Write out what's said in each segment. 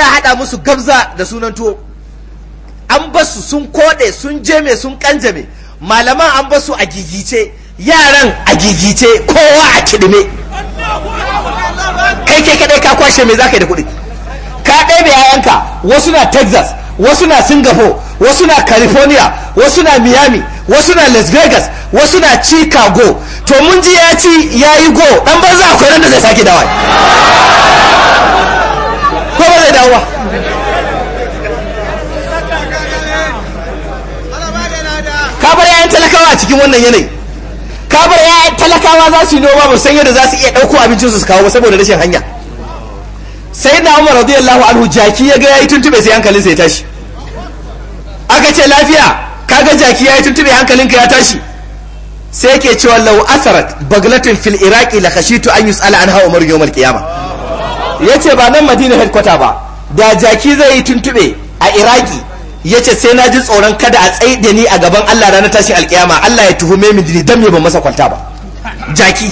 ana haɗa musu gabza da sunan tuwo an basu sun koɗe sun jeme sun kanjame malaman an basu a gigice yaran a gigice kowa a kidime kai kai kadai ka kwashe mai zaka yi da kuɗi ka ɗebe yayanka wasu na texas wasu na singapore wasu na california wasu na miami wasu na las vegas wasu na chicago to mun ji ya ci ya yi go ɗan banza akwai nan da zai sake dawa ko ba zai dawo ba kabar yayan talakawa a cikin wannan yanayi kabar bar yayan talakawa za su yi noma ba san yadda za su iya ɗauko abincinsu su kawo ba saboda rashin hanya sai na umar radiyallahu anhu jaki ya ga yayi tuntube sai hankalin sai ya tashi aka ce lafiya kaga jaki yayi tuntube ka ya tashi sai yake cewa law asarat baglatin fil iraqi la khashitu an yus'ala anha umar yawm al qiyamah ya ce ba nan madina headquarter ba da jaki zai yi tuntube a iraki ya ce sai na ji tsoron kada a tsaye da ni a gaban allah ranar tashin alkiyama allah ya tuhume min jini dan me ban masa kwalta ba jaki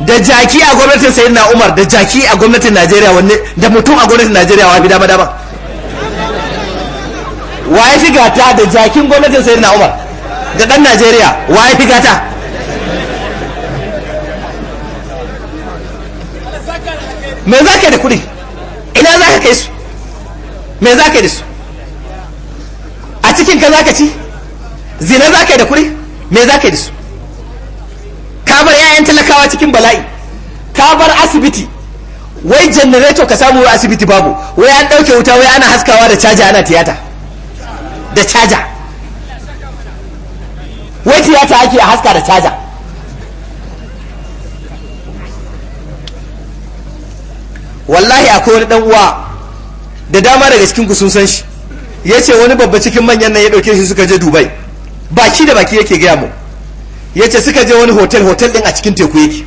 da jaki a gwamnatin na umar da jaki a gwamnatin najeriya wanne da mutum a gwamnatin najeriya wa fi dama dama wa ya fi gata da jakin gwamnatin na umar da dan najeriya wa ya fi gata me za ka yi da kuɗi ina za ka kai su me za ka yi da su a cikin ka za ka ci zina za ka yi da kuɗi me za ka yi da su ka bar 'ya'yan talakawa cikin bala'i ka bar asibiti wai janareto ka samu wa asibiti babu wai an ɗauke wuta wai ana haskawa da caja ana tiyata da caja wai tiyata ake a haska da caja wallahi akwai wani dan uwa da dama daga cikin ku sun san shi yace wani babba cikin manyan nan ya dauke shi suka je Dubai baki da baki yake gaya mu yace suka je wani hotel hotel din a cikin teku yake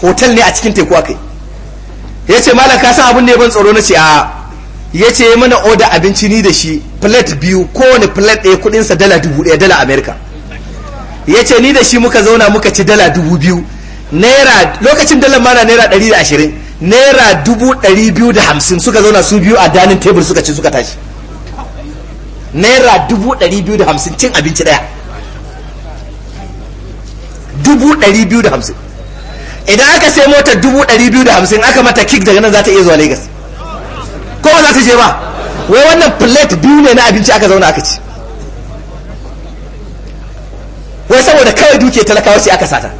hotel ne a cikin teku akai yace malam ka san abin da ban tsoro na ce a yace ya mana order abinci ni da shi plate biyu kowane plate ɗaya kudin sa dala dubu dala America yace ni da shi muka zauna muka ci dala dubu naira lokacin dalar mana naira ɗari da ashirin naira dubu ɗari biyu da hamsin suka zauna su biyu a danin tebur suka ci suka tashi naira dubu ɗari biyu da hamsin cin abinci ɗaya dubu ɗari biyu da hamsin idan aka sai motar dubu ɗari biyu da hamsin aka mata kik daga nan za ta iya zuwa lagos ko ba za ta je ba wai wannan plate biyu ne na abinci aka zauna aka ci wai saboda kawai duke talakawa ce aka sata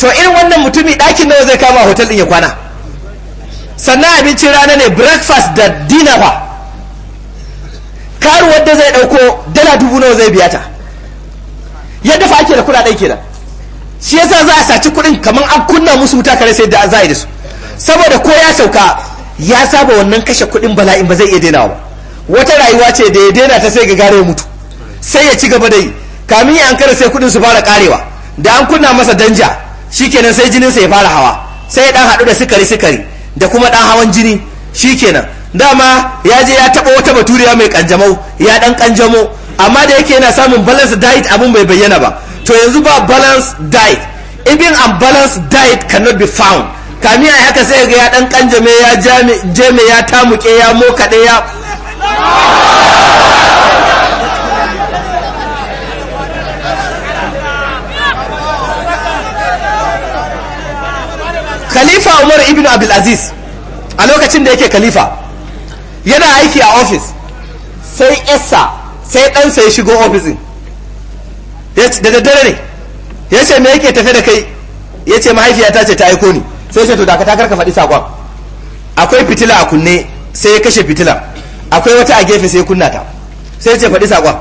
to irin wannan mutumi ɗakin nawa zai kama a hotel ɗin ya kwana sannan abincin rana ne breakfast da dinner ba karuwar da zai dauko dala dubu nawa zai biya ta yadda fa ake da kudaden kenan shi yasa za a saci kudin kamar an kunna musu wuta kare sai da za a yi da su saboda ko ya sauka ya saba wannan kashe kudin bala'in ba zai iya daina ba wata rayuwa ce da ya daina ta sai ga gare mutu sai ya ci gaba da yi kamin ya an kare sai kudin su fara karewa da an kunna masa danja shikenan sai jinin sa ya fara hawa sai ya dan haɗu da sukari sukari da kuma ɗan hawan jini shi kenan dama ya je ya taɓa wata baturiya mai ƙanjamau ya dan kanjamo amma da yake yana samun balance diet abin bai bayyana ba to yanzu ba balance diet even unbalanced diet cannot be found kami a haka sai ga ya dan kanjame ya jame ya tamuke ya mokaɗe ya aziz a lokacin da yake khalifa yana aiki a ofis sai esa sai ɗansa ya shigo ofisin da daddare ne ya ce me yake tafe da kai ya ce mahaifiyata ce ta aiko ni sai ce to da ka karka faɗi saƙon akwai fitila a kunne sai ya kashe fitila akwai wata a gefe sai ya kunna ta sai ce faɗi saƙon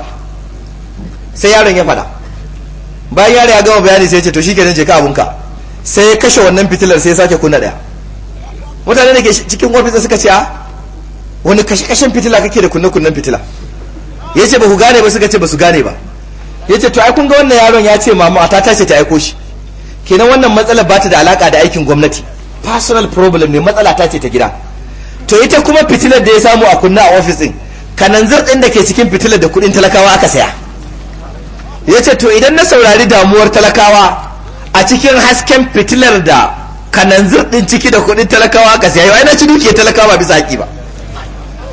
sai yaron ya faɗa bayan yare ya gama bayani sai ce to shi ke nan je ka abunka sai ya kashe wannan fitilar sai ya sake kunna ɗaya mutane da ke cikin ofis suka ce a wani kashe-kashen fitila kake da kunne-kunnen fitila ya ce ba ku gane ba suka ce ba su gane ba ya ce to ai kun ga wannan yaron ya ce mamu a ta tace ta aiko shi kenan wannan matsalar ba ta da alaka da aikin gwamnati personal problem ne matsala ta ce ta gida to ita kuma fitilar da ya samu a kunna a ofis din kananzir din da ke cikin fitilar da kudin talakawa aka saya ya ce to idan na saurari damuwar talakawa a cikin hasken fitilar da kananzir zurdin ciki da kudin talakawa ka siya yi na ci dukiyar talakawa ba bisa haƙi ba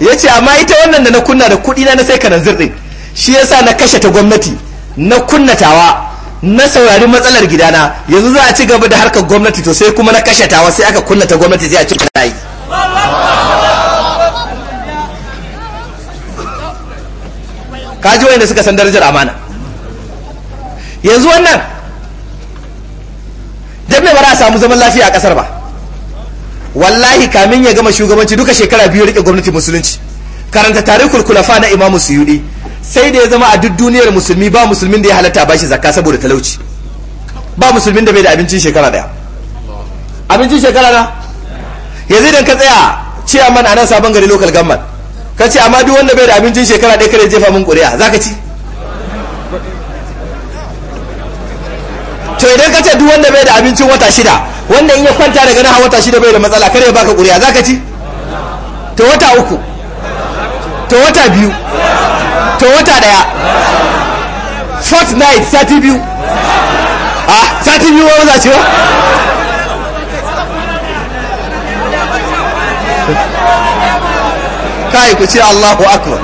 ya ce amma ita wannan da na kunna da kudi na na sai kananzir zurdin shi yasa na kashe ta gwamnati na kunnatawa na saurari matsalar gidana yanzu za a ci gaba da harkar gwamnati to sai kuma na kashe tawa sai aka kunnata gwamnati sai a ci kanayi kaji wayanda suka san darajar amana yanzu wannan jami'a me ba za a samu zaman lafiya a kasar ba wallahi kamin ya gama shugabanci duka shekara biyu rike gwamnati musulunci karanta tarihul kulafa na imam suyudi sai da ya zama a duk duniyar musulmi ba musulmin da ya halatta bashi zakka saboda talauci ba musulmin da bai da abincin shekara daya abincin shekara na yanzu idan ka tsaya ciyaman a nan sabon gari local government ka ce amma duk wanda bai da abincin shekara ɗaya kare jefa mun ƙuri'a za ka ci to idan ka ce duk wanda bai da abincin wata shida wanda in ya kwanta daga na wata shida bai da matsala kare ya baka ƙuri'a za ka ci to wata uku to wata biyu to wata daya fortnight sati biyu a sati biyu wani zace wa kai ku ce allahu akbar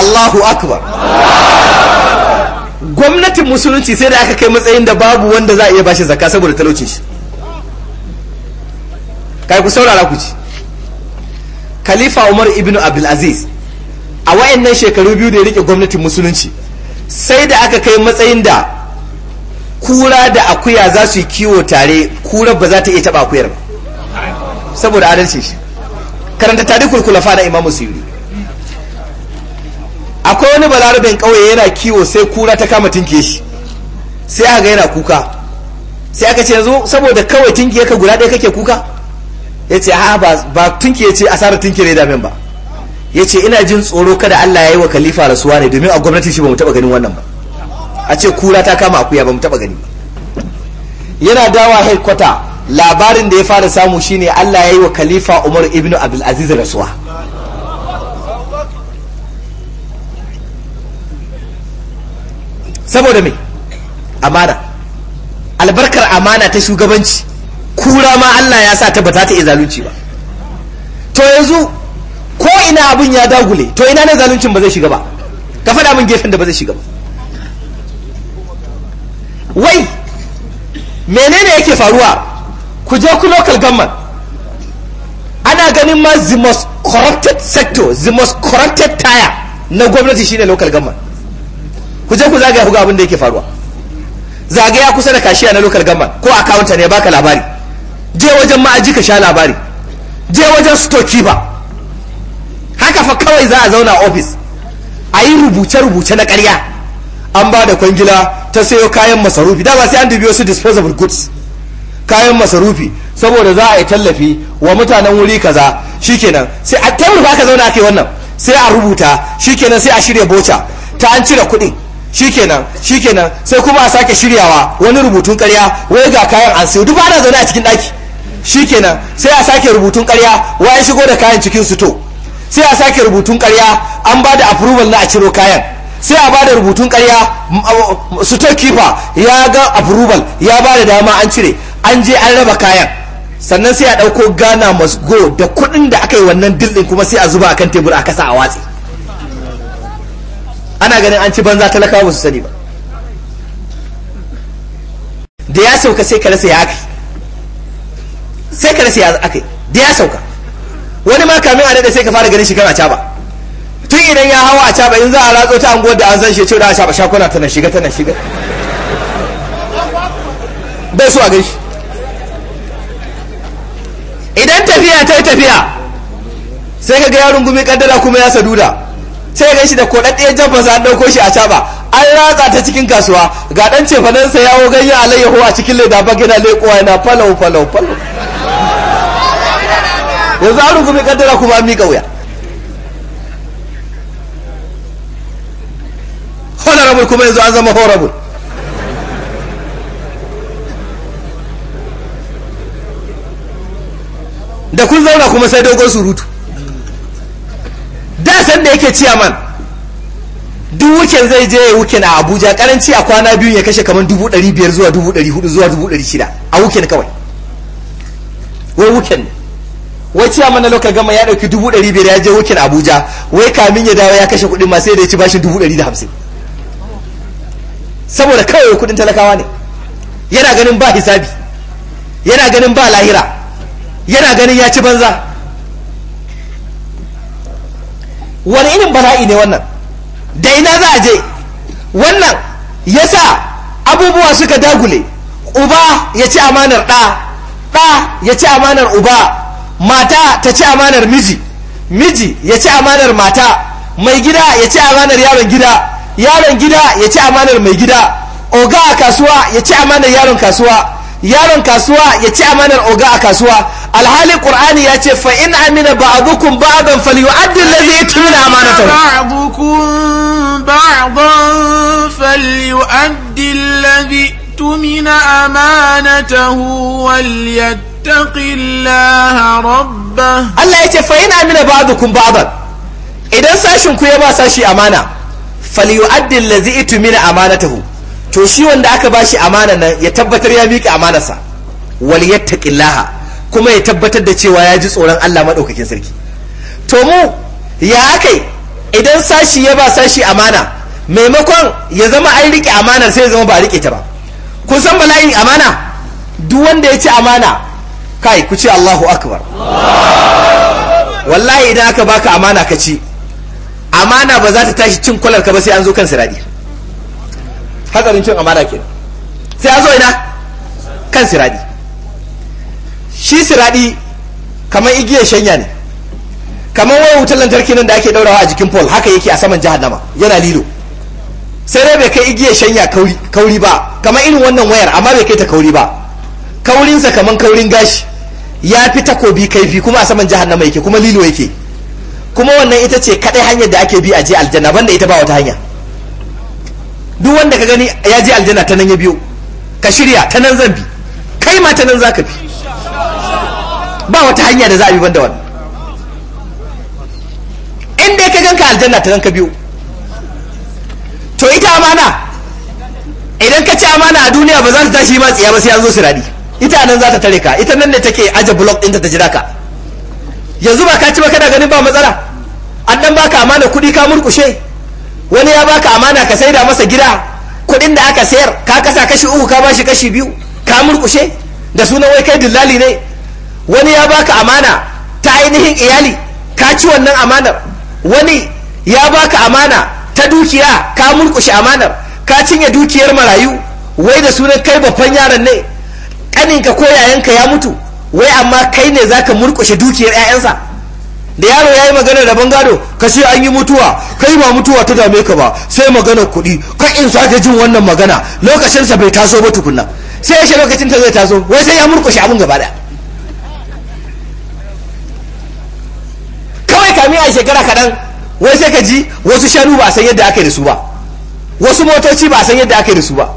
allahu akbar gwamnatin musulunci sai da aka kai matsayin da babu wanda za a iya bashi zakka saboda talaucin shi kai ku saurara ku ci khalifa umar ibn abdulaziz a wayannan shekaru biyu da ya rike gwamnatin musulunci sai da aka kai matsayin da kura da akuya za su yi kiwo tare kura ba za ta iya taba akuyar ba saboda adalci shi karanta tarikul kulafa na imamu suyuri akwai wani balarabin kawai yana kiwo sai kura ta kama tinke shi sai aka yana kuka sai aka ce yanzu saboda kawai tinke ka guda ɗaya kake kuka ya ce ha ba tinke ya ce asarar tinke ne damin ba ya ce ina jin tsoro kada Allah ya yi wa kalifa rasuwa ne domin a gwamnati shi ba mu taɓa ganin wannan ba a ce kura ta kama akuya ba mu taɓa gani ba yana dawa headquarter labarin da ya fara samu shine Allah ya yi wa kalifa Umar ibn Abdul Aziz rasuwa saboda mai amana albarkar amana ta shugabanci kura ma Allah ya sa tabbata ta iya zalunci ba to yanzu ko ina abin ya dagule to ina ne zaluncin ba zai shiga ba ka faɗa min gefen da ba zai shiga ba wai menene yake faruwa ku je ku local government ana ganin ma the most corrupted sector the most corrupted tire na gwamnati shine local government ku je ku zagaya ku ga abin da yake faruwa zagaya kusa da kashiya na local gamba ko kawunta ne baka labari je wajen ma'aji ka sha labari je wajen stokiba haka fa kawai za a zauna ofis a yi rubuce-rubuce na karya an ba da kwangila ta sayo kayan masarufi da ba sai an dubi wasu disposable goods kayan masarufi saboda za a yi tallafi wa mutanen wuri kaza shikenan sai a tabbata ka zauna ake wannan sai a rubuta shikenan sai a shirya boca ta an cire kuɗi shikenan shikenan sai kuma a sake shiryawa wani rubutun karya wai ga kayan an siyo duk ana zaune a cikin daki shikenan sai a sake rubutun karya wai shigo da kayan cikin suto sai a sake rubutun karya an ba da approval na a ciro kayan sai a ba da rubutun karya suto kifa ya ga approval ya ba da dama an cire an je an raba kayan sannan sai a ɗauko ghana must go da kuɗin da aka yi wannan dildin kuma sai a zuba a kan tebur a kasa a watsi ana ganin an ci banza talakawa ba su sani ba da ya sauka sai ka rasa ya aka sai ka rasa ya aka da ya sauka wani ma kamin a daɗa sai ka fara ganin shi kan a ba tun idan ya hawa a caba in za a ratso ta anguwar da an san shi ce da a caba shakuna tana shiga tana shiga bai su a gaishe idan tafiya ta yi tafiya sai ka ga yaron gumi kaddara kuma ya saduda sai ya shi da jamfa jamfansa an ɗauko shi a caba an ratsa ta cikin kasuwa ga ɗan sai yawo ganyen alayyahu a cikin leda bag yana leƙowa yana falau falau falau yanzu an rungumi kaddara kuma an miƙa wuya honorable kuma yanzu an zama horrible da kun zauna kuma sai dogon surutu da san da yake ciyaman duk wukin zai je wukin a abuja karanci a kwana biyu ya kashe kamar dubu ɗari biyar zuwa dubu ɗari hudu zuwa dubu ɗari shida a wukin kawai wai wukin ne wai ciyaman na lokal gama ya ɗauki dubu ɗari biyar ya je wukin abuja wai kamin ya dawo ya kashe kuɗin masu yadda ya ci bashin dubu ɗari da hamsin saboda kawai kuɗin talakawa ne yana ganin ba hisabi yana ganin ba lahira yana ganin ya ci banza wani irin bala'i ne wannan da ina za a je wannan ya sa abubuwa suka dagule uba ya ci amanar ɗa ɗa ya ci amanar uba mata ta ci amanar miji miji ya ci amanar mata mai gida ya ci amanar yaron gida yaron gida ya ci amanar mai gida oga a kasuwa ya ci amanar yaron kasuwa yaron kasuwa ya ci amanar oga a kasuwa alhalin qur'ani ya ce fa in amina ba'dukum ba'dan falyu'addi alladhi itmina amanatahu ba'dukum ba'dan falyu'addi alladhi itmina amanatahu walyattaqillaha rabbah Allah ya ce fa in amina ba'dukum ba'dan idan sashin ku ya ba sashi amana falyu'addi alladhi itmina amanatahu to shi wanda aka bashi amana nan ya tabbatar ya miƙe amanarsa walyattaqillaha kuma ya tabbatar da cewa ya ji tsoron Allah maɗaukakin sarki to mu ya akai idan sashi ya ba sashi amana maimakon ya zama an riƙe amanar sai ya zama ba riƙe ta ba kun san bala'in amana duk wanda ya ci amana kai ku ce Allahu akbar wallahi idan aka baka amana ka ci amana ba za ta tashi cin kwalar ka ba sai an zo kan siradi hatsarin cin amana ke sai an zo ina kan siradi shi siradi kamar igiyar shanya ne kamar wayar wutar lantarki nan da ake daurawa a jikin pole haka yake a saman jahannama yana lilo sai dai bai kai igiyar shanya kauri ba kamar irin wannan wayar amma bai kai ta kauri ba kaurinsa kamar kaurin gashi ya fi takobi kaifi kuma a saman jahannama yake kuma lilo yake kuma wannan ita ce kaɗai hanyar da ake bi a je aljanna banda ita ba wata hanya duk wanda ka gani ya je aljanna ta nan ya biyo ka shirya ta nan zan bi kai ma ta nan za ka bi ba wata hanya da za a bi banda wannan in ka ganka aljanna ta ganka biyu to ita amana idan ka ci amana a duniya ba za ta tashi ma tsiya ba sai an zo siradi ita nan za ta tare ka ita nan ne take aje block ɗinta ta jira ka yanzu ba ka ci ba kana ganin ba matsala an dan baka amana kuɗi ka murkushe wani ya baka amana ka saida masa gida kuɗin da aka sayar ka kasa kashi uku ka bashi kashi biyu ka murkushe da sunan wai kai dillali ne wani ya baka amana ta ainihin iyali ka ci wannan amanar wani ya baka amana ta dukiya ka murkushe amanar ka cinye dukiyar marayu wai da sunan kai babban yaran ne ƙaninka ko yayanka ya mutu wai amma kai ne zaka murkushe dukiyar 'ya'yansa da yaro yayi yi magana da bangado ka ce an yi mutuwa kai ba mutuwa ta dame ka ba sai magana kuɗi kai in sake jin wannan magana lokacinsa bai taso ba tukunna sai ya shi lokacin ta zai taso wai sai ya murkushe abin gaba daya a shekara kaɗan wai sai ka ji wasu shanu ba san yadda aka yi da su ba wasu motoci ba san yadda aka yi da su ba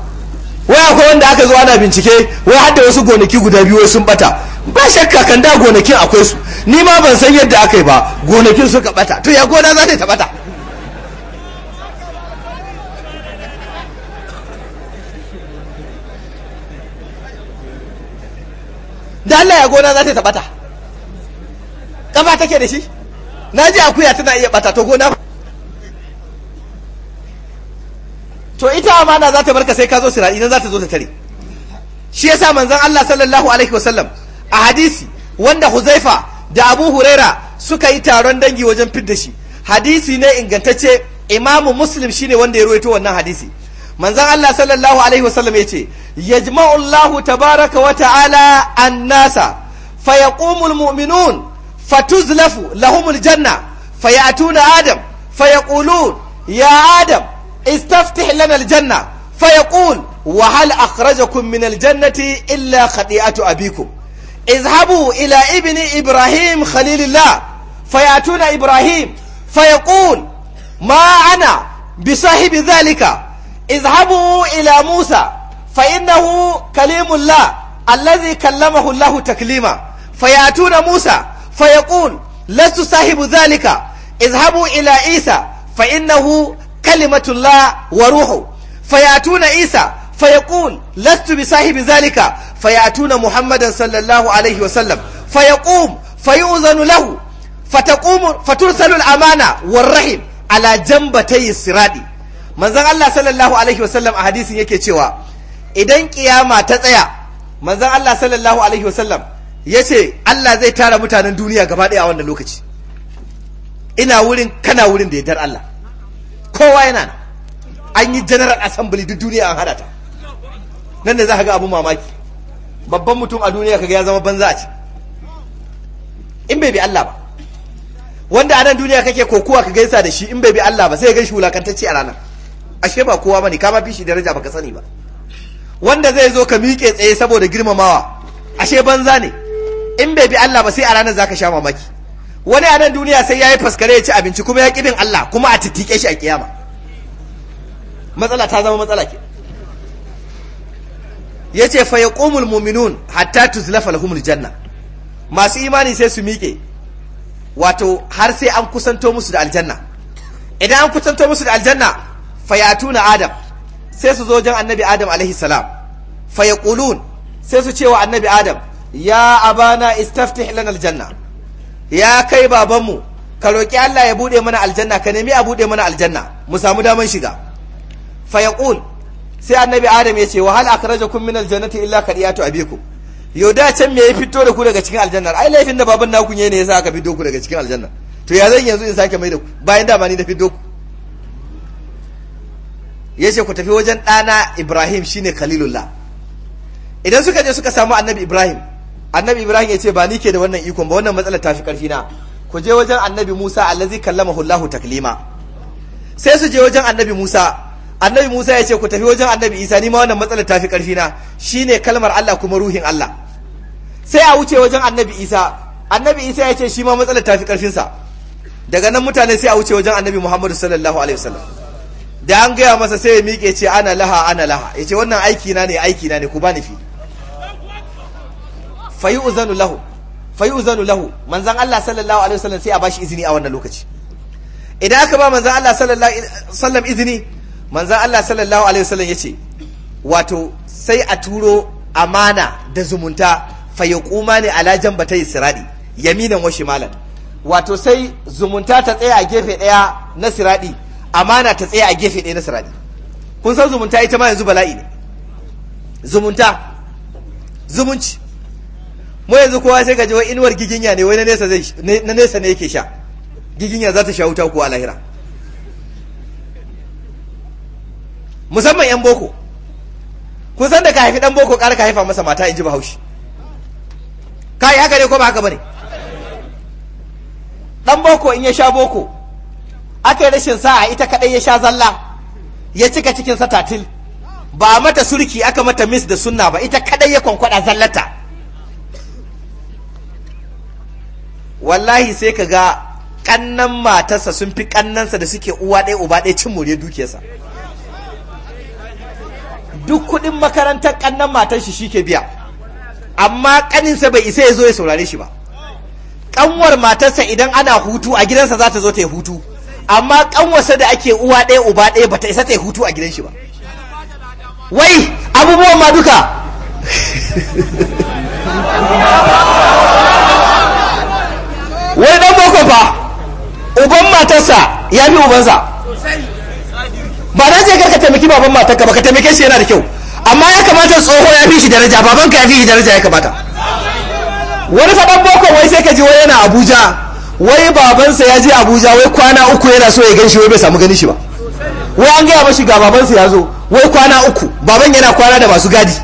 wai akwai wanda aka zo ana bincike wai hadda wasu gonaki guda biyu sun bata ba shakka kan da gonakin akwai su ni ma ban san yadda aka yi ba gonakin suka bata to ya gona za ta ta bata da Allah ya gona za ta ta bata kafa take da shi na ji akuya tana iya bata to gona to ita amana za ta barka sai ka zo sira idan za ta zo ta tare shi yasa manzon Allah sallallahu alaihi wasallam a hadisi wanda Huzaifa da Abu Huraira suka yi taron dangi wajen fidda shi hadisi ne ingantacce Imam muslim shine wanda ya ruwaito wannan hadisi manzon Allah sallallahu alaihi wasallam ya ce yajma'u Allahu tabaraka wa ta'ala an-nasa fayaqumu muminun fatuzlafu lahumul janna fayatuna adam fayaqulun ya adam istaftih lana aljanna fayaqul wa hal akhrajakum min aljannati illa khati'atu abikum izhabu ila ibni ibrahim khalilillah fayatuna ibrahim fayaqul ma ana bi sahibi dhalika izhabu ila musa fa innahu kalimullah allazi kallamahu allah taklima Fayatu na musa فيقول لست صاحب ذلك اذهبوا إلى عيسى فإنه كلمة الله وروحه فيأتون عيسى فيقول لست بصاحب ذلك فيأتون محمدا صلى الله عليه وسلم فيقوم فيؤذن له فتقوم فترسل الأمانة والرحم على جنبتي الصراط manzon Allah sallallahu alaihi wasallam a hadisin yake cewa idan kiyama ta tsaya manzon Allah sallallahu alaihi wasallam ya ce Allah zai tara mutanen duniya gaba ɗaya a wannan lokaci ina wurin kana wurin da ya yardar Allah kowa yana an yi general assembly duk duniya an hada ta nan ne za ka ga abu mamaki babban mutum a duniya kaga ya zama banza a ci in bai bi Allah ba wanda a nan duniya kake kokuwa ka gaisa da shi in bai bi Allah ba sai ya gaishe wulakantacce a ranar ashe ba kowa bane ka ma fi shi daraja baka sani ba wanda zai zo ka miƙe tsaye saboda girmamawa ashe banza ne in bai bi Allah ba sai a ranar zaka sha mamaki wani a nan duniya sai yayi faskare ya ci abinci kuma ya kibin Allah kuma a titike shi a kiyama matsala ta zama matsala ke yace fa yaqumul mu'minun hatta tuzlafa lahumul janna masu imani sai su miƙe wato har sai an kusanto musu da aljanna idan an kusanto musu da aljanna fayatuna adam sai su zo jan annabi adam alaihi salam fayaqulun sai su cewa annabi adam ya abana istaftih lana aljanna ya kai babanmu ka roki Allah ya bude mana aljanna ka nemi a bude mana aljanna mu samu daman shiga fa yaqul sai annabi adam ce wa hal akhrajakum min aljannati illa kadiyatu abikum yau da can me ya fito da ku daga cikin aljanna ai laifin da baban naku ne ne yasa aka fito ku daga cikin aljanna to ya zan yanzu in sake mai da ku bayan da ba ni da fito ku yace ku tafi wajen ɗana Ibrahim shine Khalilullah idan suka je suka samu annabi Ibrahim annabi ibrahim ya ce ba ni ke da wannan ikon ba wannan matsalar ta fi karfi na ku je wajen annabi musa allazi kallamahu allah taklima sai su je wajen annabi musa annabi musa ya ce ku tafi wajen annabi isa ni ma wannan matsalar ta fi karfi na shine kalmar allah kuma ruhin allah sai a wuce wajen annabi isa annabi isa ya ce shi ma matsalar ta fi karfin sa daga nan mutane sai a wuce wajen annabi muhammadu sallallahu alaihi wasallam da an gaya masa sai ya miƙe ce ana laha ana laha ya ce wannan aiki na ne aiki na ne ku bani fi fayi uzanu lahu fayi uzanu lahu manzan Allah sallallahu alaihi wasallam sai a bashi izini a wannan lokaci idan aka ba manzan Allah sallallahu alaihi wasallam izini manzan Allah sallallahu alaihi wasallam yace wato sai a turo amana da zumunta fayaquma ne ala jambatai siradi yaminan wa shimalan wato sai zumunta ta tsaya a gefe daya na siradi amana ta tsaya a gefe daya na siradi kun san zumunta ita ma yanzu bala'i ne zumunta zumunci mu yanzu kowa sai gaji wa wai inuwar giginya ne wai na nesa ne yake sha giginya za ta sha wuta kuwa lahira musamman yan boko kun san da ka haifi dan boko ƙara ka haifa masa mata in ji bahaushe ka yi haka ne ko ba haka bane dan boko in ya sha boko aka yi rashin sa'a ita kadai ya sha zalla ya cika cikin satatil ba mata surki aka mata mis da sunna ba ita kadai ya kwankwada zallata wallahi sai ka ga kannan matarsa sun fi kannansa da suke uwa ɗaya uba ɗaya cin more dukiyarsa duk kuɗin makarantar kannan matar shi ke biya amma kaninsa bai isa ya zo ya saurare shi ba kanwar matarsa idan ana hutu a gidansa za ta zo ta yi hutu amma kanwarsa da ake uwa ɗaya uba ɗaya bata isa ta yi hutu a gidan shi ba wai abubuwan ma duka wai dan boko fa uban matarsa ya fi ubansa ba na je ka taimaki baban matarka ba ka taimake shi yana da kyau amma ya kamata tsoho ya fi shi daraja babanka ya fi shi daraja ya kamata wani dan boko wai sai ka ji wai yana abuja wai babansa ya je abuja wai kwana uku yana so ya gan shi wai bai samu ganin shi ba wai an gaya mashi ga babansa ya zo wai kwana uku baban yana kwana da masu gadi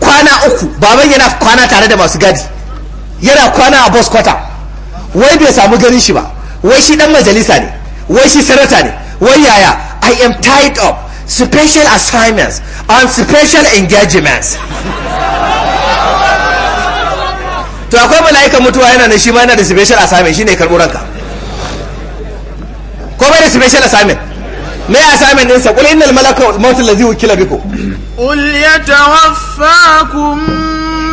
kwana uku baban yana kwana tare da masu gadi yana kwana a bus kwata wai bai samu ganin shi ba wai shi dan majalisa ne wai shi sanata ne wai yaya i am tied up special assignments and special engagements to akwai mala'ikan mutuwa yana da shi ma yana da special assignment shine karbo ranka ko bai da special assignment me assignment ɗinsa qul innal malaka mautul ladzi wukila bikum qul yatawaffakum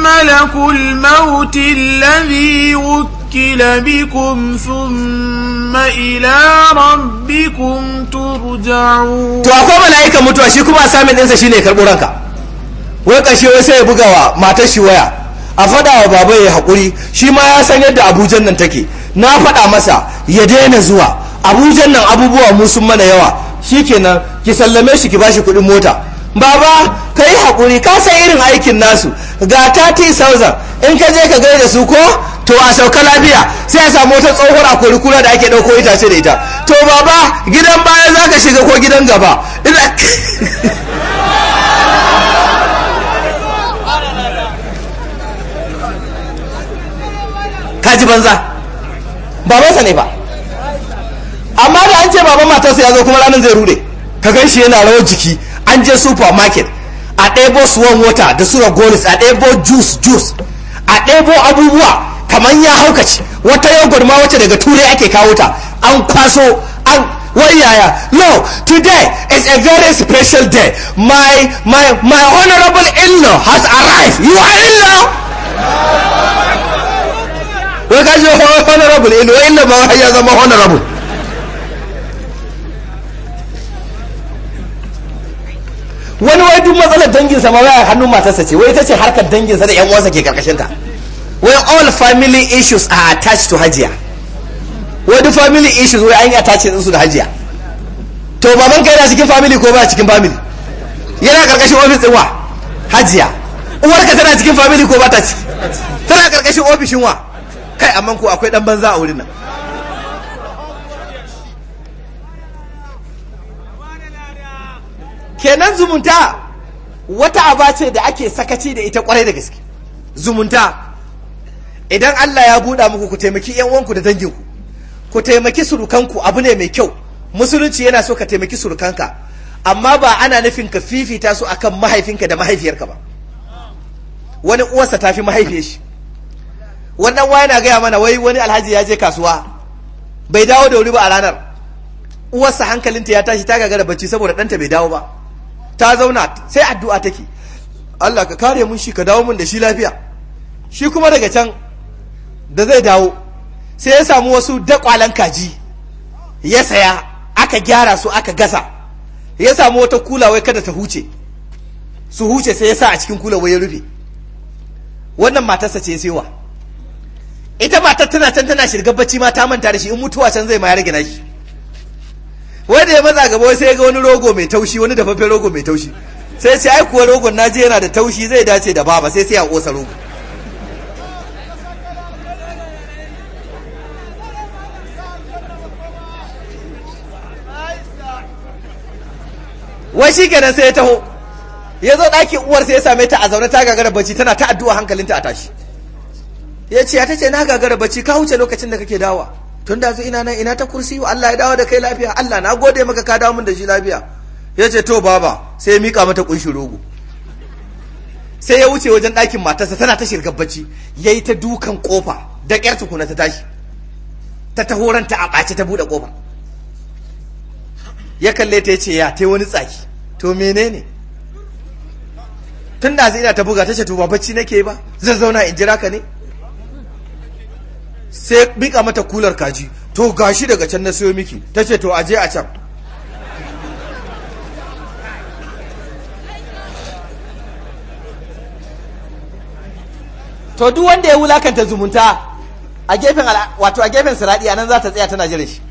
ملك الموت الذي وكل بكم ثم إلى ربكم ترجعون to akwai mala'ika mutuwa shi kuma samin ɗinsa shine ya karɓo ranka wai ƙashe wai sai ya buga wa matar shi waya a faɗa wa baba ya haƙuri shi ma ya san yadda abujan nan take na faɗa masa ya daina zuwa abujan nan abubuwa mu sun mana yawa shikenan ki sallame shi ki bashi kuɗin mota baba ka yi haƙuri ka san irin aikin nasu ga 30,000 in ka je ka gai da su ko to a sauka lafiya sai a samu wata tsohuwar akwai kula da ake ɗauko itace da ita to baba gidan baya za ka shiga ko gidan gaba kaji banza babansa ne ba amma da an ce baban matarsa ya zo kuma ranar zai rude ka gan shi yana rawar jiki an je supermarket a ɗebo suwan wata da sura goris a ɗebo juice juice a ɗebo abubuwa kamar ya haukace wata yogurt ma wacce daga turai ake kawo ta an kwaso an wayaya no today is a very special day my my my honorable in has arrived you are in-law wai kaji honorable in-law in-law ma ya zama honorable wani wai duk matsalar danginsa ba wai hannun matarsa ce wai ita ce harkar danginsa da yan uwansa ke karkashin ta wai all family issues are attached to hajiya wai duk family issues wai an yi attached din su da hajiya to baban kai na cikin family ko ba cikin family yana karkashin office din wa hajiya uwarka tana cikin family ko ba ta ci tana karkashin ofishin wa kai amma ko akwai dan banza a wurin nan kenan zumunta wata aba ce da ake sakaci da ita kwarai da gaske zumunta idan Allah ya buɗa muku ku taimaki yan uwanku da danginku ku taimaki surukanku abu ne mai kyau musulunci yana so ka taimaki surukanka amma ba ana nufin ka fifita su akan mahaifinka da mahaifiyarka ba wani uwarsa ta fi mahaifiyar shi wannan wa yana gaya mana wai wani alhaji ya je kasuwa bai dawo da wuri ba a ranar uwarsa hankalinta ya tashi ta gagara bacci saboda ɗanta bai dawo ba ta zauna sai addu'a take Allah ka kare mun shi ka dawo mun da shi lafiya shi kuma daga can da zai dawo sai ya samu wasu dakwalan kaji ya saya aka gyara su aka gasa ya samu wata kulawai kada ta huce su huce sai ya sa a cikin kulawai ya rufe wannan matarsa ce sewa ita matar tana can tana shirgar bacci ma ta manta da shi in mutuwa can zai ma ya rage wanda da ya matsa gaba sai ya ga wani rogo mai taushi wani dafaffen rogo mai taushi sai sai ai kuwa rogon naje yana da taushi zai dace da baba sai sai ya kosa rogo wai shi kenan sai ya taho ya zo ɗakin uwar sai ya same ta a zaune ta gagara bacci tana ta addu'a hankalinta a tashi ya ce ya ta ce na gagara bacci ka huce lokacin da kake dawa tun da su ina nan ina ta kursi Allah ya dawo da kai lafiya Allah na gode maka ka dawo min da shi lafiya ya ce to baba sai ya mika mata kunshi rogo sai ya wuce wajen ɗakin matarsa tana ta shirgar bacci ya yi ta dukan kofa da ƙyar tukuna ta tashi ta tahoranta a ɓace ta buɗe kofa ya kalle ta ce ya ta wani tsaki to menene tun da ina ta buga ta ce to ba bacci nake ba zan zauna in jira ka ne sai bika mata kular kaji to gashi daga can na sayo miki ta ce to aje a can to duk wanda ya wulakanta zumunta a gefen wato a gefen saradi anan za ta tsaya tana jira shi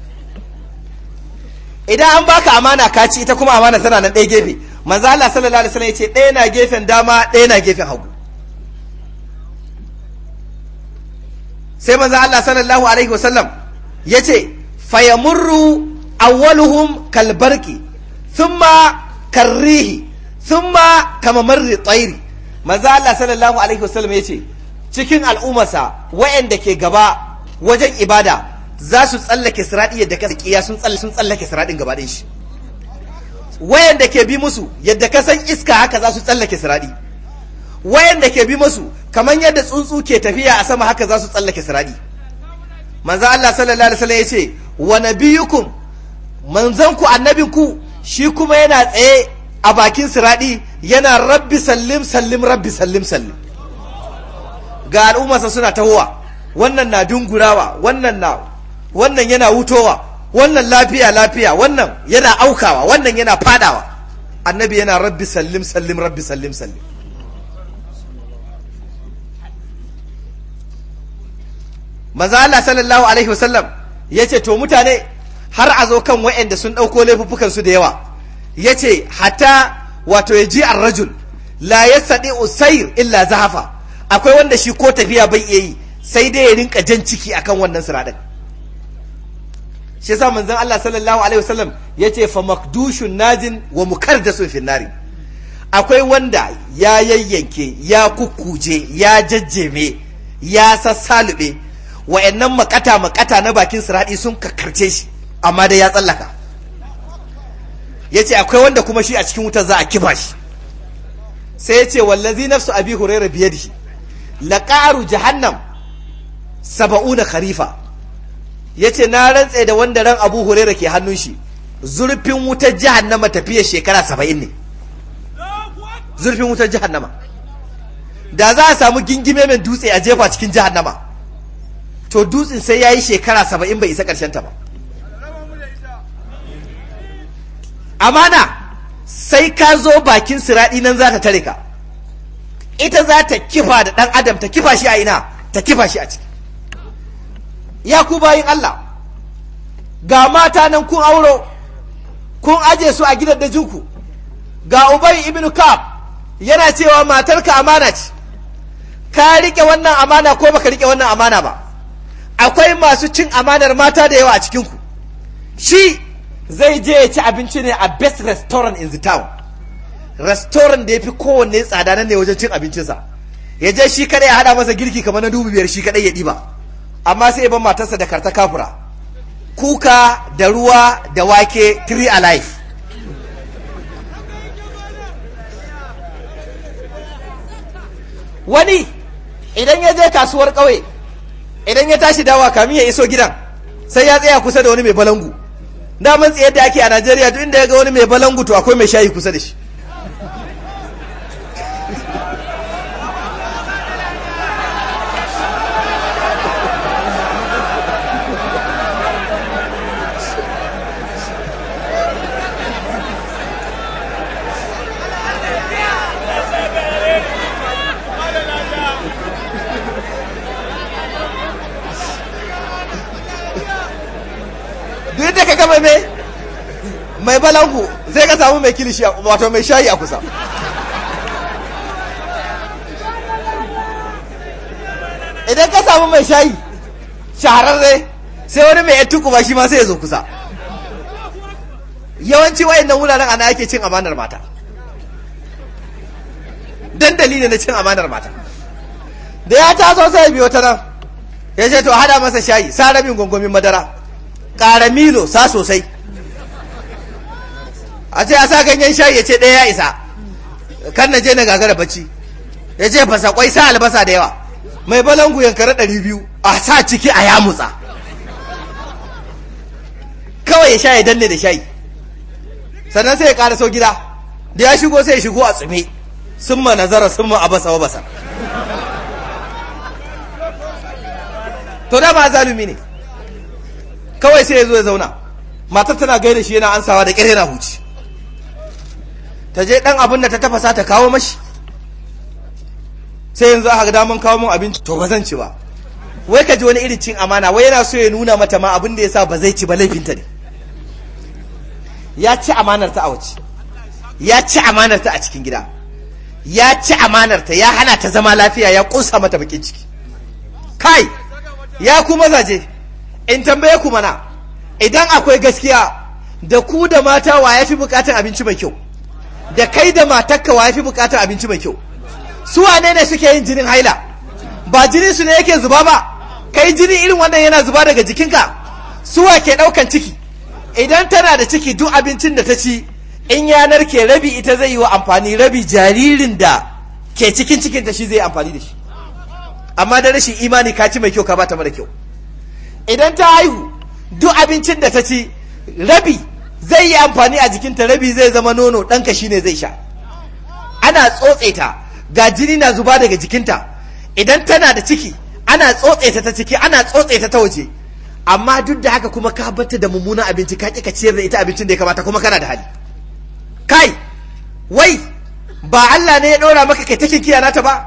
idan an baka amana kaci ita kuma amana tana nan ɗaya gefe manzo Allah sallallahu alaihi wasallam yace ɗaya na gefen dama ɗaya na gefen hagu sai manzo Allah sallallahu alaihi wasallam yace fayamurru awwaluhum kalbarki thumma karrihi thumma kamamarri tsairi manzo Allah sallallahu alaihi wasallam yace cikin al'ummarsa wayanda ke gaba wajen ibada za su tsallake siradi yadda ka kiya sun tsalle sun tsallake siradin gaba din shi wayanda ke bi musu yadda ka san iska haka za su tsallake siradi wayanda ke bi masu kamar yadda tsuntsu ke tafiya a sama haka za su tsallake sirari manzo Allah sallallahu alaihi wasallam yace wa nabiyukum manzon ku annabin ku shi kuma yana tsaye a bakin sirari yana rabbi sallim sallim rabbi sallim sallim ga al'ummarsa suna tahowa wannan na dungurawa wannan na wannan yana wutowa wannan lafiya lafiya wannan yana aukawa wannan yana fadawa annabi yana rabbi sallim sallim rabbi sallim sallim maza Allah sallallahu alaihi wasallam yace to mutane har a zo kan wa'anda sun dauko laifukan su da yawa yace hatta wato ya ji rajul la yasadi usair illa zahafa akwai wanda shi ko tafiya bai iya yi sai dai ya rinka jan ciki akan wannan siradin shi yasa manzon Allah sallallahu alaihi wasallam yace fa makdushun najin wa mukardasu fi nari akwai wanda ya yayyanke ya kukkuje ya jajjeme ya sassalube wa'annan makata makata na bakin siradi sun kakkarce shi amma dai ya tsallaka yace akwai wanda kuma shi a cikin wutar za a kifa shi sai yace wallazi nafsu abi hurairah biyadihi laqaru jahannam saba'una kharifa yace na rantse da wanda ran abu huraira ke hannun shi zurfin wutar jahannama tafiya shekara saba'in ne zurfin wutar jahannama da za a samu gingime mai dutse a jefa cikin jahannama to dutsen sai ya yi shekara saba'in bai isa ƙarshen ta ba amana sai ka zo bakin siraɗi nan za ta tare ka ita za ta kifa da ɗan adam ta kifa shi a ina ta kifa shi a ciki ya ku bayin Allah ga mata nan kun auro kun aje su a gidan juku ga ubai ibn kab yana cewa matarka amana ce ka rike wannan amana ko baka rike wannan amana ba akwai masu cin amanar mata da yawa a cikinku shi zai je ya ci abinci ne a best restaurant in the town restaurant da ya fi kowanne tsada nan ne wajen cin abincinsa ya je shi kadai ya hada masa girki kamar na dubu biyar shi kadai ya ɗiba amma sai ban matarsa da karta kafura kuka da ruwa da wake three alive wani idan ya je kasuwar ƙauye idan ya tashi dawa kamin ya iso gidan sai ya tsaya kusa da wani mai balangu daman tsaye da ake a najeriya duk inda ya ga wani mai balangu to akwai mai shayi kusa da shi ka mai mai mai balangu sai ka samu mai kilishi wato mai shayi a kusa idan ka samu mai shayi shahararre sai wani mai yattu kuma shi ma sai ya zo kusa yawanci wayannan wuraren ana yake cin amanar mata don dalilin na cin amanar mata da ya taso sai biyo ta nan ya ce to hada masa shayi sa rabin gungumin madara karami milo sa sosai a ce a sa ganyen shayi ya ce ɗaya ya isa kan na je na gagara bacci ya ce fasa kwai sa albasa da yawa mai balangu yankara ɗari biyu a sa ciki a yamutsa kawai ya sha ya danne da shayi sannan sai ya ƙara sau gida da ya shigo sai ya shigo a tsume sun ma nazara sun ma abasa wa basa to da ma zalumi ne kawai sai ya zo ya zauna matar tana gaida shi yana ansawa da kirena huci ta je ɗan abin da ta tafasa ta kawo mashi sai yanzu aka damun kawo mun abinci to bazan ci ba wai ka ji wani irin cin amana wai yana so ya nuna mata ma abin da yasa sa ba zai ci ba laifinta ne ya ci amanar ta a wace ya ci amanar ta a cikin gida ya ci amanar ta ya hana ta zama lafiya ya kusa mata bakin ciki kai ya kuma zaje. in tambaye ku mana idan akwai gaskiya da ku da mata wa ya fi bukatar abinci mai kyau da kai da matakka wa ya fi bukatar abinci mai kyau su wane ne suke yin jinin haila ba jinin su ne yake zuba ba kai jini irin wannan yana zuba daga jikinka su wa ke daukan ciki idan tana da ciki duk abincin da ta ci in yanar ke rabi ita zai yi wa amfani rabi jaririn da ke cikin cikinta shi zai amfani da shi amma da rashin imani ka ci mai kyau ka bata mara kyau idan ta haihu duk abincin da ta ci rabi zai yi amfani a jikinta rabi zai zama nono ɗanka shine zai sha ana tsotse ta ga jini na zuba daga jikinta idan tana da ciki ana tsotse ta ta ciki ana tsotse ta ta waje amma duk da haka kuma ka batta da mummunan abinci ka ƙi ka ciyar da ita abincin da ya kamata kuma kana da hali kai wai ba Allah ne ya ɗora maka kai take kiyana ta ba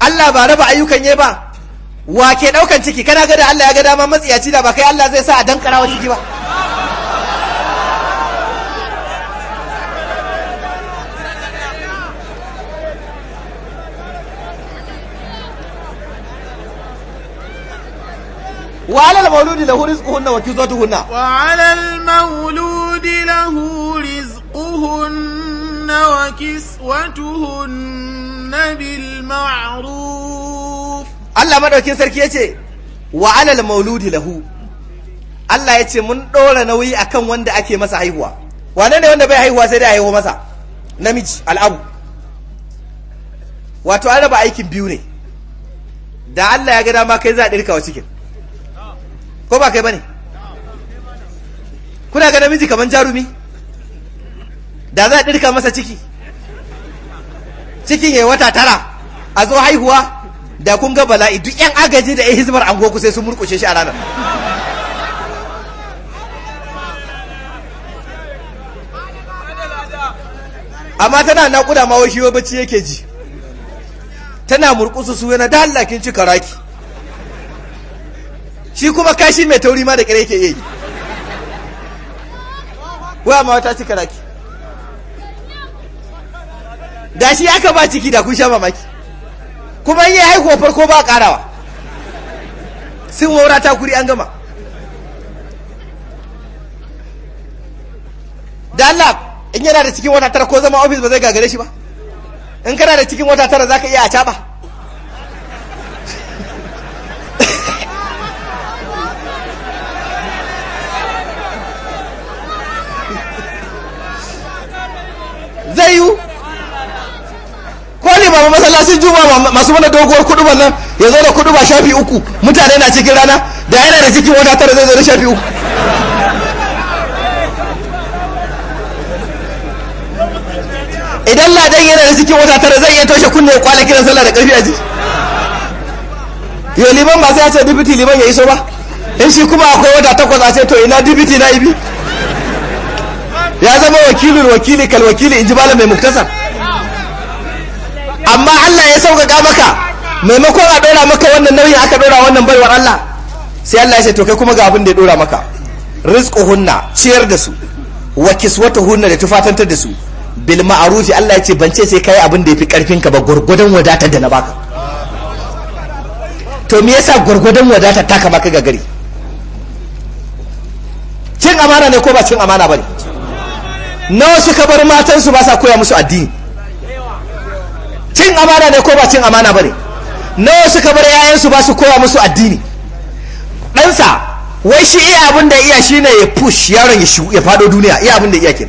Allah ba raba ayyukan yayi ba wa ke daukan ciki kana ga da Allah ya ga dama matsiyaci da ba kai Allah zai sa a dankara wa ciki ba وعلى المولود له رزقهن وكسوتهن وعلى المولود له رزقهن وكسوتهن بالمعروف Allah madaukin sarki yace wa alal mauludi lahu Allah yace mun dora nauyi akan wanda ake masa haihuwa wane ne wanda bai haihuwa sai dai haihuwa masa namiji al'abu wato an raba aikin biyu ne da Allah ya ga dama kai za a dirka wa cikin ko ba kai bane kuna ga namiji kaman jarumi da za a dirka masa ciki cikin yayi wata tara a zo haihuwa da kun ga bala'i duk yan agaji da yan hizbar an goku sai sun murkushe shi a ranar amma tana naƙuda ma wai shiwa bacci yake ji tana murkusu su yana da hallakin ci karaki shi kuma kashi mai tauri ma da kare yake yi wa ma wata ci karaki da shi aka ba ciki da kun sha mamaki kuma yi haihuwa farko ba karawa sun wura ta kuri an gama da Allah in yana da cikin wata tara ko zama ofis ba zai gagare shi ba in kana da cikin wata tara za ka iya a caɓa zai yiwu kuma masallacin juma'a masu mana doguwar kudu wannan ya zo da ba shafi uku mutane na cikin rana da yana da cikin wata tara zai zo da shafi uku idan ladan yana da cikin wata tara zai iya toshe kunne ya kwale kiran sallah da karfi a ji yo liban ba sai ya ce dibiti liban ya iso ba in shi kuma akwai wata takwas a ce to ina dibiti na ibi ya zama wakilin wakili kal wakili in ji malam mai muktasar amma Allah ya sauƙaƙa maka maimakon a ɗora maka wannan nauyin aka ɗora wannan baiwar Allah sai Allah ya ce to kai kuma ga abin da ya ɗora maka hunna ciyar da su wa hunna da tufatantar da su bil ma'ruf Allah ya ce ban sai kai abin da yafi karfin ka ba gurgudan wadatar da na baka to me yasa gurgudan wadatar ta kama ka gari cin amana ne ko ba cin amana bane nawa suka bar su ba sa koya musu addini cin amana ne ko ba cin amana ba ne na wasu kamar yayansu ba su koya musu addini ɗansa wai shi iya abin da iya shine ya push yaron ya faɗo duniya iya abin da iya ke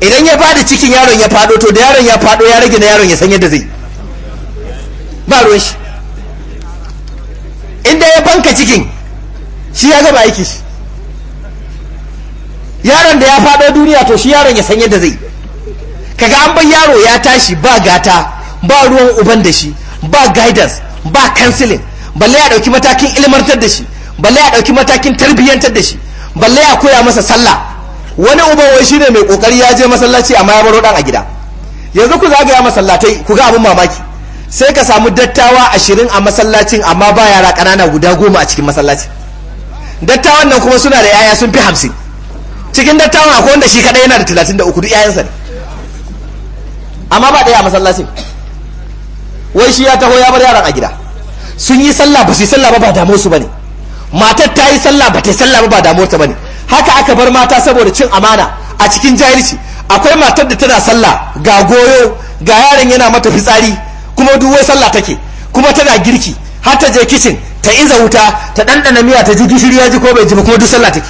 idan ya bada cikin yaron ya fado to da yaron ya fado ya rage na yaron ya san yadda zai ba ruwan shi inda ya banka cikin shi ya gaba aiki shi yaron da ya fado duniya to shi yaron ya san yadda zai kaga an bar yaro ya tashi ba gata ba ruwan uban da shi ba guidance ba counseling balle ya dauki matakin ilmantar da shi balle ya dauki matakin tarbiyyantar da shi balle ya koya masa sallah wani uban wai shine mai kokari ya je masallaci amma ya baro dan a gida yanzu ku zagaya masallatai ku ga abin mamaki sai ka samu dattawa ashirin a masallacin amma ba yara ƙanana guda goma a cikin masallaci dattawan nan kuma suna da yaya sun fi hamsin cikin dattawan akwai wanda shi kaɗai yana da talatin da uku yayansa ne amma ba ɗaya a masallacin wai shi ya taho ya bar yaran a gida sun yi sallah ba su yi sallah ba ba damu su bane matar ta yi sallah ba ta yi sallah ba ba damu ta bane haka aka bar mata saboda cin amana a cikin jahilci akwai matar da tana sallah ga goyo ga yaran yana mata fitsari kuma duk wai sallah take kuma tana girki har ta je kitchen ta iza wuta ta ɗanɗana miya ta ji gishiri ya ji ko bai ji ba kuma duk sallah take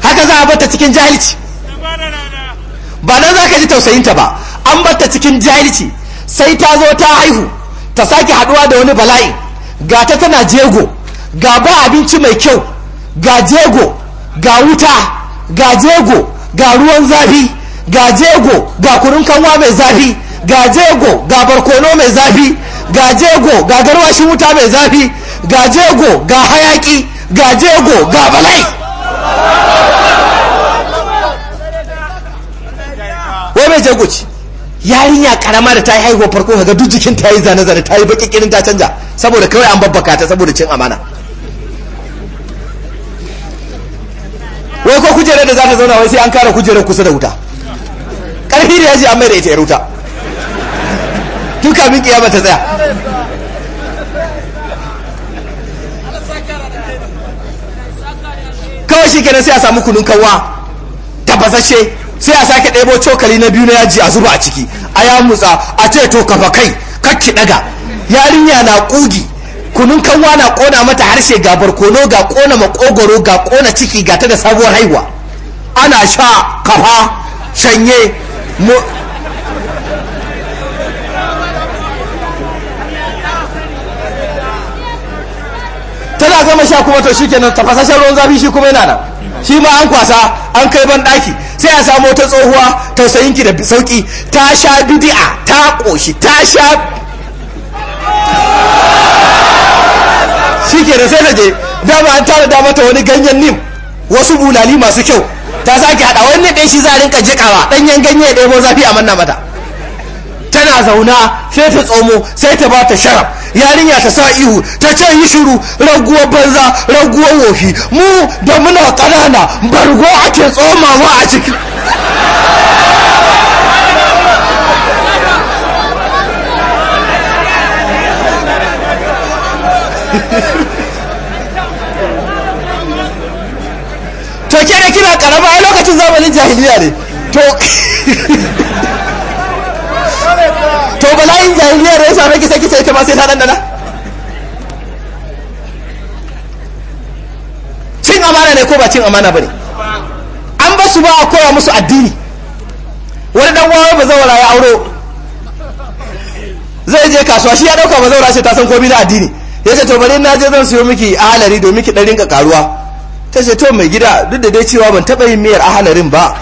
haka za a bata cikin jahilci ba nan za ka ji tausayinta ba an batta cikin jahilci sai ta zo ta haihu ta sake haduwa da wani bala'i ga ta tana jego ga ba abinci mai kyau ga jego ga wuta ga jego ga ruwan zafi ga jego ga kurin kanwa mai zafi ga jego ga barkono mai zafi ga jego ga garwashin wuta mai zafi ga jego ga hayaki ga jego ga bala'i mai jagoci yarinya karama da ta yi haihuwa farko ga duk jikin ta yi zane-zane ta yi baki kirin ta canja saboda kawai an babbaka ta saboda cin amana wai ko kujerar da za ta zauna wai sai an kara kujerar kusa da wuta ƙarfi da yaji an mai da ita yar wuta duka min kiyama ta tsaya kawai shi kenan sai a samu kunun kawwa tabbasashe sai a sake ɗebo cokali na biyu na yaji a zuba a ciki a ya mutsa a ce to kafa kai kakki daga yarinya na kugi kunun kanwa na kona mata harshe ga barkono ga kona makogoro ga kona ciki ga ta da sabuwar haihuwa ana sha kafa shanye mu tana gama sha kuma to nan tafasashen ruwan zafi shi kuma yana nan shi ma an kwasa an kai ban daki sai a samu ta tsohuwa tausayinki da sauki ta sha bidi'a ta koshi ta sha shi ke da sai da je dama an tara dama ta wani ganyen nim wasu bulali masu kyau ta sake hada wani ɗan shi za a rinka jikawa ɗanyen ganye ɗaya ko zafi a manna mata tana zauna sai ta tsomo sai ta ba ta sharaf yarinya ta sa ihu ta ce yi shiru raguwar banza raguwar wofi mu da muna ƙanana bargo ake tsomawa a ciki to ke da kina karama a lokacin zamanin jahiliya ne to to bala'in jahiliyar ya same ki sai ki ita ba sai ta dandana cin amana ne ko ba cin amana ba ne an ba su ba a koya musu addini wani dan wawa ba zaura ya auro zai je kasuwa shi ya dauka ba zaura ce ta san komai na addini ya ce to bari na je zan siyo miki ahalari domin ki dan rinka karuwa ta ce to mai gida duk da dai cewa ban taba yin miyar ahalarin ba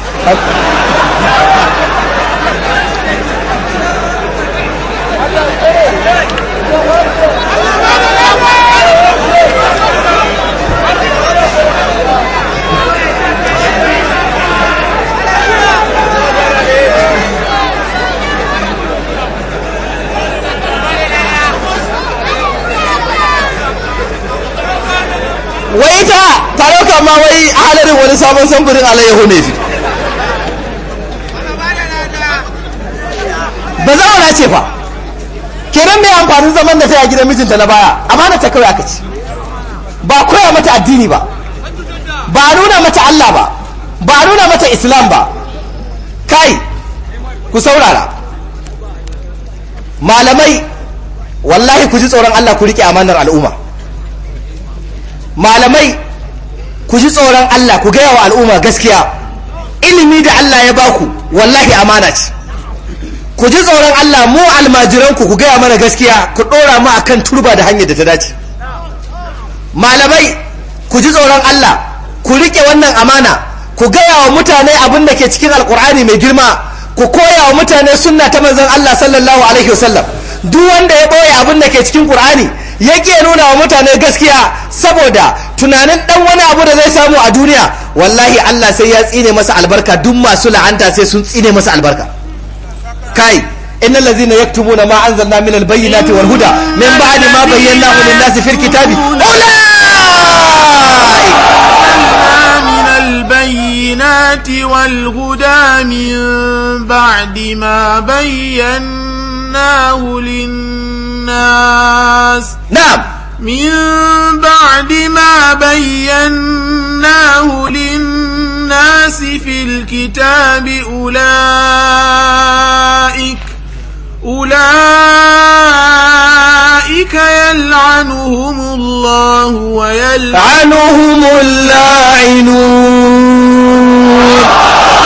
wai ta tarokan ma wai halarin wani sabon samfurin alayyahu ne fi ba zaura ce fa kenan mai amfanin zaman da ta yi gidan mijinta na baya amana ta kawai aka ci ba koya mata addini ba ba nuna mata Allah ba ba nuna mata islam ba kai ku saurara malamai wallahi ku ji tsoron Allah ku rike amanar al'umma malamai ku ji tsoron Allah ku gaya wa al'umma gaskiya ilimi da Allah ya baku wallahi amana ce ku ji tsoron Allah mu almajiranku ku gaya mana gaskiya ku ɗora mu akan turba da hanyar da ta dace malamai ku ji tsoron Allah ku rike wannan amana ku gaya wa mutane abin da ke cikin alkur'ani mai girma ku koya wa mutane sunna ta manzon Allah sallallahu alaihi wasallam duk wanda ya ɓoye abin da ke cikin qur'ani yake nuna wa mutane gaskiya saboda tunanin dan wani abu da zai samu a duniya wallahi Allah sai ya tsine masa albarka duk masu la'anta sai sun tsine masa albarka kai innal ladzina yaktubuna ma anzalna minal bayyinati wal huda min ba'di ma bayyanahu lin nasi fil kitabi البينات والهدى من بعد ما بيناه للناس الناس نعم من بعد ما بيناه للناس في الكتاب أولئك أولئك يلعنهم الله ويلعنهم اللاعنون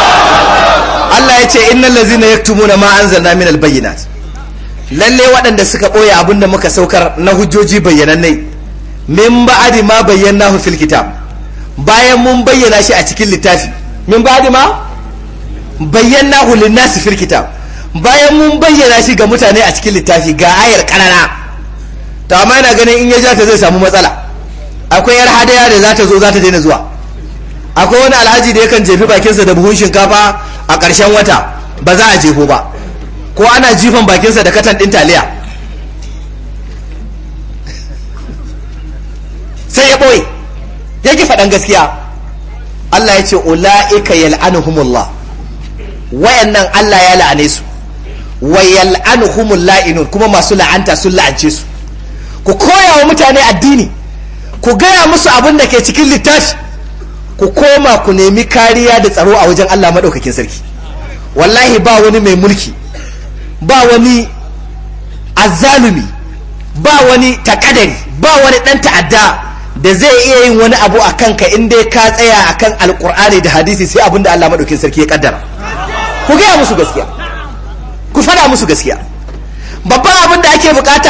الله يتي إن الذين يكتمون ما أنزلنا من البينات lalle waɗanda suka ɓoye abin da muka saukar na hujjoji bayyanannai min ba'adi ma hu fil kitab bayan mun bayyana shi a cikin littafi min ba'adi ma linnasi fil kitab bayan mun bayyana shi ga mutane a cikin littafi ga ayar kanana to amma ina ganin in ya ja ta zai samu matsala akwai yar hadaya da za ta zo za ta daina zuwa akwai wani alhaji da yakan jefi bakinsa da buhun shinkafa a ƙarshen wata ba za a jefo ba ko ana jifan bakinsa da katan ɗin taliya sai ya ɓoye ya ki faɗan gaskiya Allah ya ce ula'ika yal'anuhumullah wayannan Allah ya la'ane su wa yal'anuhumul la'inun kuma masu la'anta sun la'ance su ku koya wa mutane addini ku gaya musu abin da ke cikin littafi ku koma ku nemi kariya da tsaro a wajen Allah maɗaukakin sarki wallahi ba wani mai mulki ba wani azalumi ba wani takadari ba wani dan ta'adda da zai iya yin wani abu a kanka inda ka tsaya a kan alkur'ani da hadisi sai abun da Allah maɗaukin sarki ya kaddara ku gaya musu gaskiya ku faɗa musu gaskiya babban abin da ake bukata